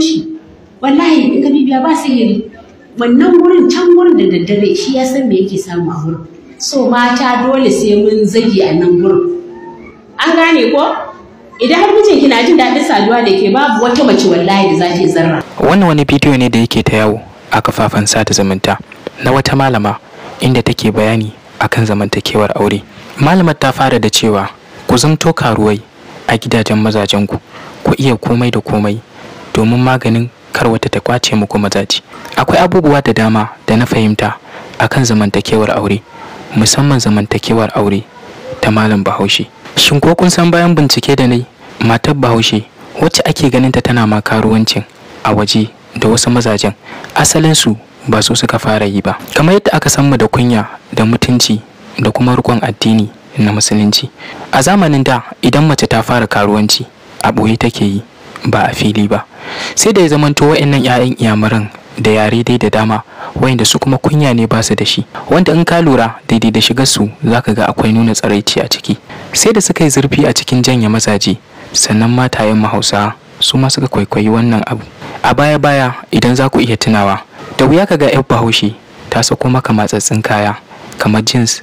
shi wallahi in ka bibiya ba sihiri wannan wurin can wurin da daddare shi ya san me yake samu a wurin so mata dole sai mun zagi a nan wurin an gane ko idan har mijin kina jin daɗin saduwa da ke babu wata mace wallahi da za zarra wannan wani bidiyo ne da yake ta yawo a kafafen sada zamanta, na wata malama inda take bayani akan zamantakewar aure malamar ta fara da cewa ku zanto karuwai a gidajen mazajenku ku iya komai da komai domin maganin kar wata ta kwace muku zaci akwai abubuwa da dama da na fahimta akan zamantakewar aure musamman zamantakewar aure ta malam bahaushe shin ko kun san bayan bincike da nai matar bahaushe wacce ake ganin ta tana ma karuwanci a waje da wasu mazajen asalinsu ba su suka fara yi ba kamar yadda aka san mu da kunya da mutunci da kuma rikon addini na musulunci a zamanin da idan mace ta fara karuwanci a ɓoye take yi ba a fili ba sai da ya zamanto wa'annan 'ya'yan iyamuran da yare dai da dama wayanda su kuma kunya ne ba su da shi wanda in ka lura daidai da shigar su za ka ga akwai nuna tsaraici a ciki sai da suka yi zurfi a cikin janya mazaje sannan matayen mahausa su ma suka kwaikwayi wannan abu a baya baya idan za ku iya tunawa da wuya ka ga yar bahaushe ta sako maka matsatsin kaya kamar jeans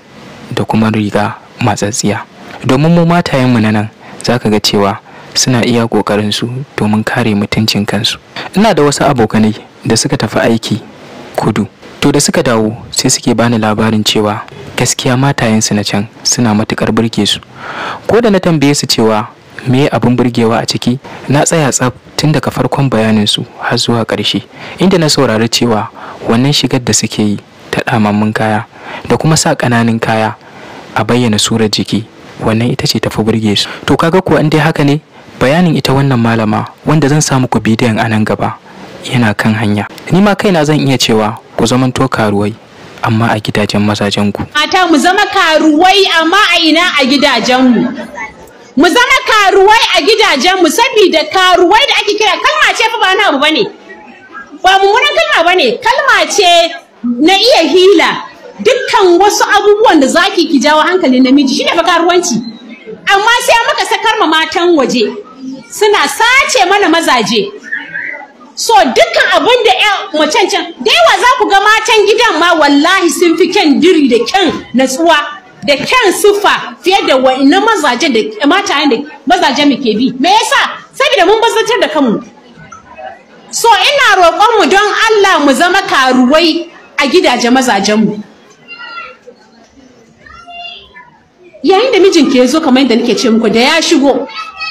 da kuma riga matsatsiya domin mu matayen mu na nan za ka ga cewa suna iya ƙoƙarin su domin kare mutuncin kansu ina da wasu abokanai da suka tafi aiki kudu to da suka dawo sai suke bani labarin cewa gaskiya matayensu na can suna matukar burge su ko da na tambaye su cewa me abin burgewa a ciki na tsaya tsaf tun daga farkon bayanin su har zuwa ƙarshe inda na saurari cewa wannan shigar da suke yi ta ɗamammun kaya da kuma sa ƙananan kaya a bayyana surar jiki wannan ita ce tafi burge su to kaga kuwa in dai haka ne bayanin ita wannan malama wanda zan samu ku bidiyon a nan gaba yana kan hanya ni ma kaina zan iya cewa ku zamanto karuwai amma a gidajen mazajen ku mata mu zama karuwai amma a ina a gidajen mu mu zama karuwai a gidajen mu saboda karuwai da ake kira kalma ce fa ba na abu bane ba mummunan kalma bane kalma ce na iya hila dukkan wasu abubuwan da zaki ki jawo hankalin namiji shine fa karuwanci amma sai muka saka matan waje suna sace mana mazaje so dukkan abin da ya macen can da yawa za ku ga matan gidan ma wallahi sun fi kyan diri da kyan natsuwa da kyan sufa fiye da wa'annan mazaje da matayen da mazaje muke bi me yasa saboda mun bazatar da kanmu so ina roƙon mu don Allah mu zama karuwai a gidaje mazajenmu yayin da mijinki ya zo kamar yadda nake ce muku da ya shigo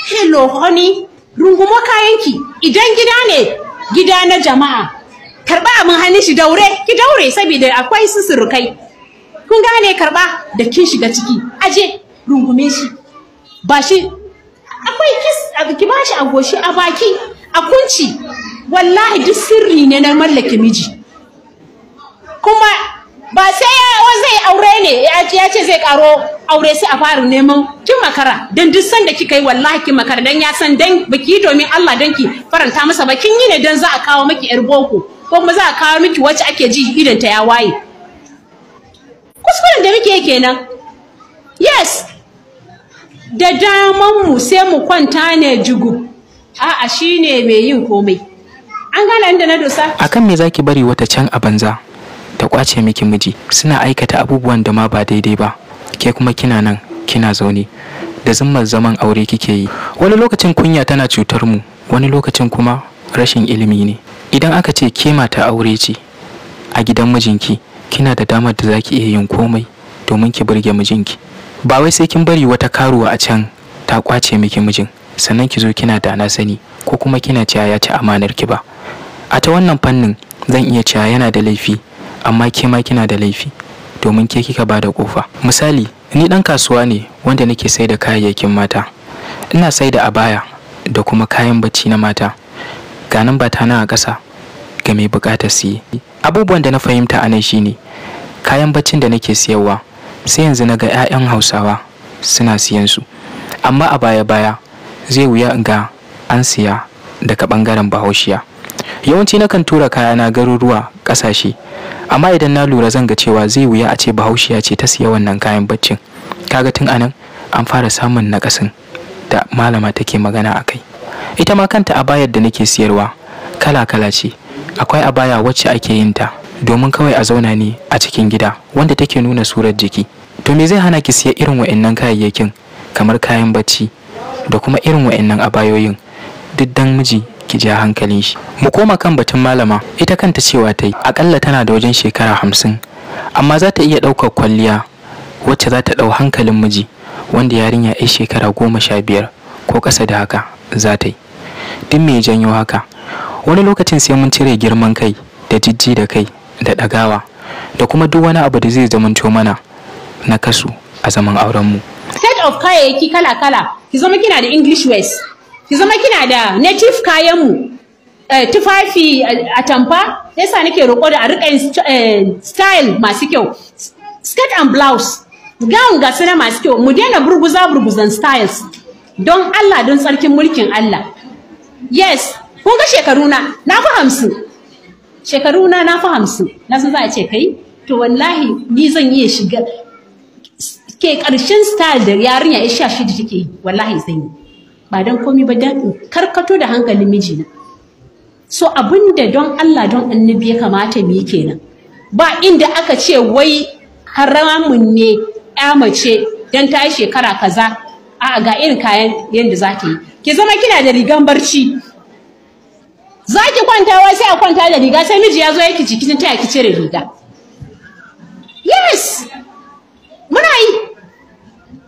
hello honey rungumo kayanki idan gida ne gida na jama'a karba abin hannun shi daure ki daure saboda akwai susurukai kun gane karba da kin shiga ciki aje rungume shi ba shi akwai kis ki a goshi a baki a kunci wallahi duk sirri ne na mallake miji kuma ba sai ya zai aure ne ya ce zai karo aure sai a fara neman kin makara dan duk sanda kika yi wallahi kin makara dan ya san dan baki domin Allah dan ki faranta masa ba kin yi ne dan za a kawo miki yar boko ko kuma za a kawo miki wacce ake ji idan ta ya waye kuskuren da muke kenan yes da daman mu sai mu kwanta ne jugu a'a shine mai yin komai an gane inda na dosa akan me zaki bari wata can a banza ta kwace miki miji suna aikata abubuwan da ma ba daidai ba ke kuma kina nan kina zaune da zimmar zaman aure kike yi wani lokacin kunya tana cutar mu wani lokacin kuma rashin ilimi ne idan aka ce ke mata aure ce a gidan mijinki kina da damar da zaki iya yin komai domin ki burge mijinki ba wai sai kin bari wata karuwa a can ta kwace miki mijin sannan ki zo kina da na sani ko kuma kina cewa ya ci amanar ki ba a ta wannan fannin zan iya cewa yana da laifi amma ke ma kina da laifi domin ke kika bada kofa misali ni dan kasuwa ne wanda nake sai da kayayyakin mata ina sai da abaya da kuma kayan bacci na mata ga nan ba a ƙasa ga mai buƙatar siye abubuwan da na fahimta a nan shine kayan baccin da nake siyarwa sai yanzu na ga 'ya'yan hausawa suna siyan su amma a baya-baya zai wuya ga an siya daga ɓangaren bahaushiya yawanci nakan tura kayana garuruwa ƙasashe amma idan na lura zan ga cewa zai wuya a ce bahaushiya ce ta siya wannan kayan baccin kaga tun anan an fara samun nakasin da malama take magana a kai ita ma kanta abayar da nake siyarwa kala kala ce akwai abaya wacce ake yin ta domin kawai a zauna ne a cikin gida wanda take nuna surar jiki to me zai hana ki siya irin wa'annan kayayyakin kamar kayan bacci da kuma irin wa'annan abayoyin duk dan miji ki ja hankalin shi mu koma kan batun malama ita kanta cewa ta yi akalla tana da wajen shekara hamsin amma za ta iya ɗaukar kwalliya wacce za ta ɗau hankalin miji wanda yarinya ya shekara goma sha biyar ko ƙasa da haka za ta yi duk me janyo haka wani lokacin sai mun cire girman kai da jijji da kai da ɗagawa da kuma duk wani abu da zai zamanto mana na kasu a zaman aurenmu. Head of kayayyaki kala-kala, ki zama kina da English West. ki zama kina da native kayan mu eh, tufafi eh, a tamfa yasa nake roƙo da a riƙa eh, style masu kyau skirt and blouse gown ga su masu kyau mu daina burguza burguzan styles don Allah don tsarkin mulkin Allah yes kun ga shekaruna na fi hamsin shekaruna na fi hamsin na san za a ce kai to wallahi ni zan iya shiga ke ƙarshen style da yarinya ya sha shi da take yi wallahi zan yi ba don komi ba don karkato da hankalin mijina so abin da don Allah don annabi ya kamata mu kenan ba inda aka ce wai haramun ne ya mace don ta yi shekara kaza a ga irin kayan yadda za ta yi ki zama kina da rigan barci za ki kwanta wai sai a kwanta da riga sai miji ya zo yake cikin ta ki cire riga yes muna yi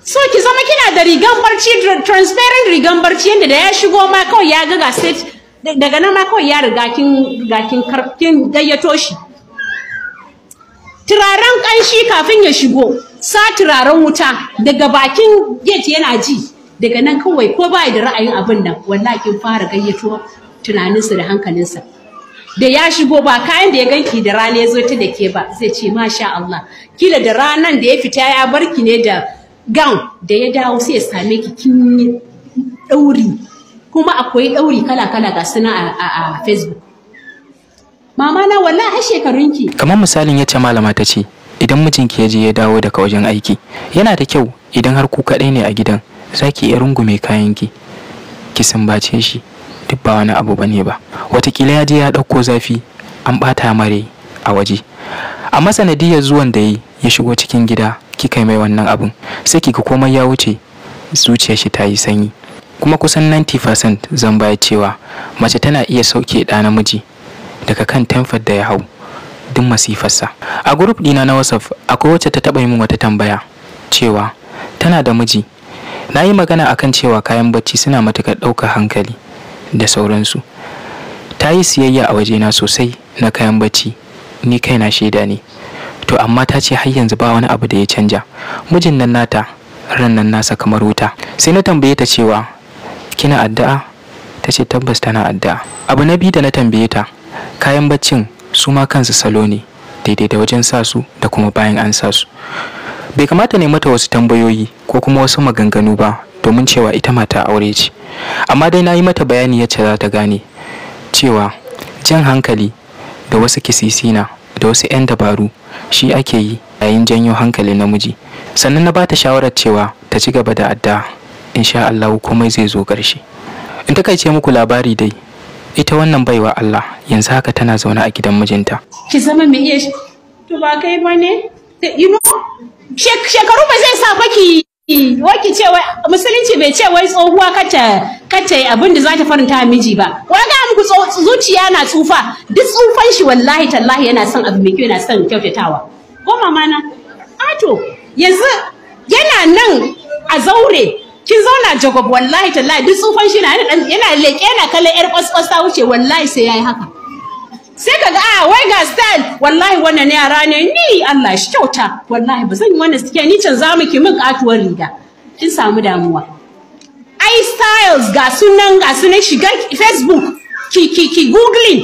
so ki zama da rigan barci transparent rigan barci yadda da ya shigo ma kawai ya ga set daga nan ma kawai ya riga kin kin gayyato shi turaren kanshi kafin ya shigo sa turaren wuta daga bakin gate yana ji daga nan kawai ko ba da ra'ayin abin nan wallahi kin fara gayyato tunaninsa da hankalinsa da ya shigo ba kayan da ya ganki da rana ya zo ta da ke ba zai ce masha Allah kila da ranan da ya fita ya barki ne da gown da ya dawo sai ya same ki kin yi ɗauri kuma akwai ɗauri kala-kala ga suna a facebook mama na wallahi shekarun shekarunki kamar misalin yace malama ta ce idan mijinki ya je ya dawo daga wajen aiki yana da kyau idan har ku kadai ne a gidan zaki ki iya rungume kayan ki ki sumbace shi duk ba wani abu bane ba watakila ya je ya ɗauko zafi an ɓata mare a waje amma sanadiyar zuwan da yi ya shigo cikin gida kika yi mai wannan abin sai kika komai ya wuce zuciya shi ta yi sanyi kuma kusan 90% zan baya cewa mace tana iya sauke ɗa namiji daga kan tamfar da ya hau duk masifarsa a group dina na wasaf akwai wacce ta taɓa yi min wata tambaya cewa tana da miji na yi magana akan cewa kayan bacci suna matuƙar ɗaukar hankali da sauransu ta yi siyayya a wajena sosai na kayan bacci ni kaina shaida ne to amma ta ce har yanzu ba wani abu da ya canja mijin nan nata ran nan nasa kamar wuta sai na tambaye ta cewa kina addu'a ta ce tabbas tana addu'a abu na biyu da na tambaye ta kayan baccin su ma kansu salo ne daidai da wajen sa su da kuma bayan an sa su bai kamata ne mata wasu tambayoyi ko kuma wasu maganganu ba domin cewa ita mata aure ce amma dai na yi mata bayani yacce za ta gane cewa jan hankali da wasu kisisina da wasu 'yan dabaru shi ake yi yayin janyo hankali namiji sannan na bata shawarar cewa ta ci gaba da adda insha Allah komai zai zo ƙarshe in takaice muku labari dai ita wannan baiwa Allah yanzu haka tana zaune a gidan mijinta ki zama mai iya to ba kai ba ne you know shekaru ba zai sa baki waki ce wai musulunci bai ce wai tsohuwa kace kace abin da za ta faranta miji ba wai zuciya na tsufa duk tsufan shi wallahi tallahi yana son abu mai kyau yana son kyautatawa ko mama na ato ah yanzu yana nan a zaure kin zauna jagob wallahi tallahi duk tsufan shi na yana leke yana kallon yar kwaskwas ta wuce wallahi sai yayi haka sai kaga a ah, wai ga style wallahi wannan yara ne ni Allah shi kyauta wallahi ba zan yi wannan suke ni can za mu ki min katuwar riga kin samu damuwa ai styles ga sunan ga sunan shiga facebook ki ki ki googling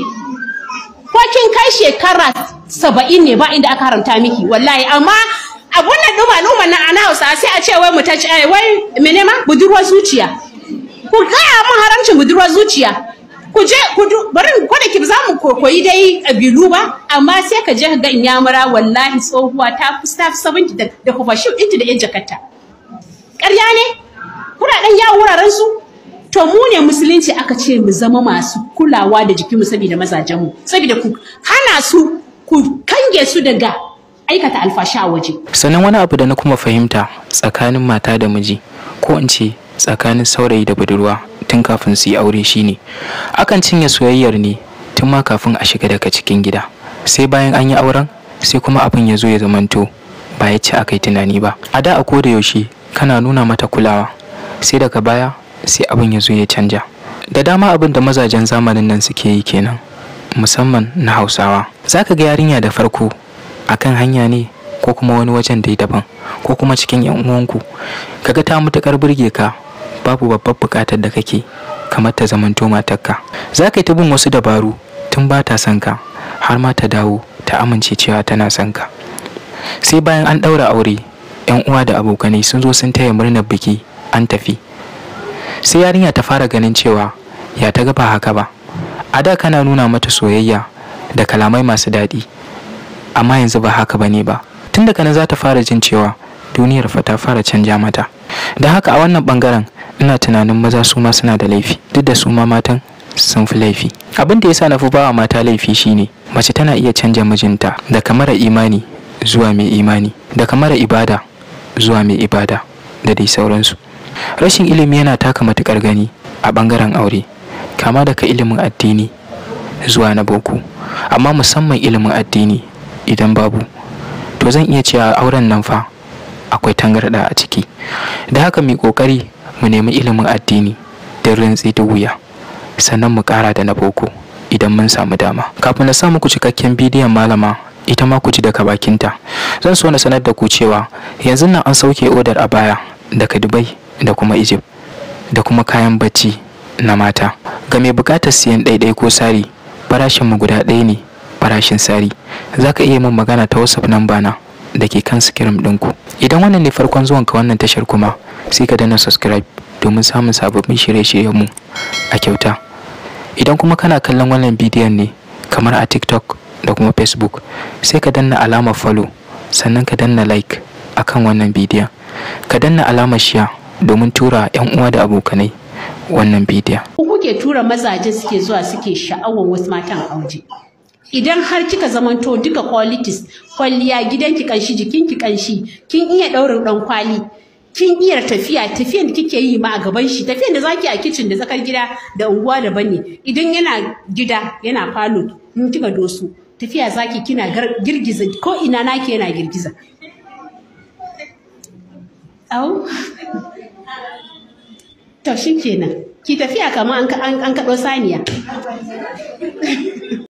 ko kin kai shekara saba'in ne ba inda aka haramta miki wallahi amma abun nan duma numa na ana hausa sai a ce wai mu ta ce eh, wai mene ma budurwar zuciya ku gaya mun haramcin budurwar zuciya ku je ku bari kwada ki za mu koyi dai kabilu ba amma sai ka je ga inyamura wallahi tsohuwa ta fi staff 70 da kuma shi inta da yan jakarta ƙarya ne kuna ɗan yawo wuraren su to mu ne musulunci aka ce mu zama masu kulawa da jikinmu saboda mazajenmu saboda ku hana su ku kange su daga aikata alfasha a waje sannan wani abu da na kuma fahimta tsakanin mata da miji ko in ce tsakanin saurayi da budurwa tun kafin su yi aure shine akan cinye soyayyar ne tun ma kafin a shiga daga cikin gida sai bayan an yi auren sai kuma abin ya zo ya zamanto ba ya ci yi tunani ba a da a koda yaushe kana nuna mata kulawa sai daga baya sai abin ya zo ya canja da dama abin da mazajen zamanin nan suke yi kenan musamman na hausawa za ka ga yarinya da farko a kan hanya ne ko kuma wani wajen da daban ko kuma cikin yan uwanku kaga ta matukar burge ka babu babbar bukatar da kake kamar ta zamanto matarka za ka yi ta bin wasu dabaru tun ba ta sanka har ma ta dawo ta amince cewa tana sanka sai bayan an ɗaura aure yan uwa da abokanai sun zo sun taya murnar biki an tafi sai yarinya ta fara ganin cewa ya ta gaba haka ba a da kana nuna mata soyayya da kalamai masu daɗi amma yanzu ba haka ba ne ba tun daga nan za ta fara jin cewa duniyar fa ta fara canja mata da haka a wannan bangaren ina tunanin maza su ma suna da laifi duk da su ma matan sun fi laifi abin da yasa na fi bawa mata laifi shine mace tana iya canja mijinta da mara imani zuwa mai imani da mara ibada zuwa mai ibada da dai sauransu rashin ilimi yana taka matuƙar gani a ɓangaren aure kama daga ilimin addini zuwa na boko amma musamman ilimin addini idan babu to zan iya cewa auren nan fa akwai tangarɗa a ciki da haka mu ƙoƙari mu nemi ilimin addini don rintsi da wuya sannan mu ƙara da na boko idan mun samu dama kafin na sa muku cikakken bidiyon malama ita ma ku ji daga bakinta zan so na sanar da ku cewa yanzu nan an sauke odar a baya daga dubai da kuma egypt da kuma kayan bacci na mata ga mai bukatar siyan ɗaiɗai ko sari farashin mu guda ɗaya ne farashin sari za ka iya min magana ta whatsapp nan bana da ke kan sikirim ɗinku idan wannan ne farkon zuwan ka wannan tashar kuma sai ka dana subscribe domin samun sababbin shirye shiryenmu mu a kyauta idan kuma kana kallon wannan bidiyon ne kamar a tiktok da kuma facebook sai ka danna alamar follow sannan ka danna like akan wannan bidiyon ka danna alamar share domin tura 'yan uwa da abokanai wannan bidiyo. Ku kuke tura mazaje suke zuwa suke sha'awar wasu matan aure. Idan har kika zamanto duka qualities, kwalliya gidanki kanshi jikinki kanshi, kin iya ɗaurin ɗan kwali, kin iya tafiya, tafiyan da kike yi ma a gaban shi, tafiyan da zaki a kicin da tsakar gida da unguwa da bane. Idan yana gida, yana falo, in kika dosu, tafiya zaki kina girgiza ko ina naki yana girgiza. Au. to kenan ki tafiya kamar an kaɗo saniya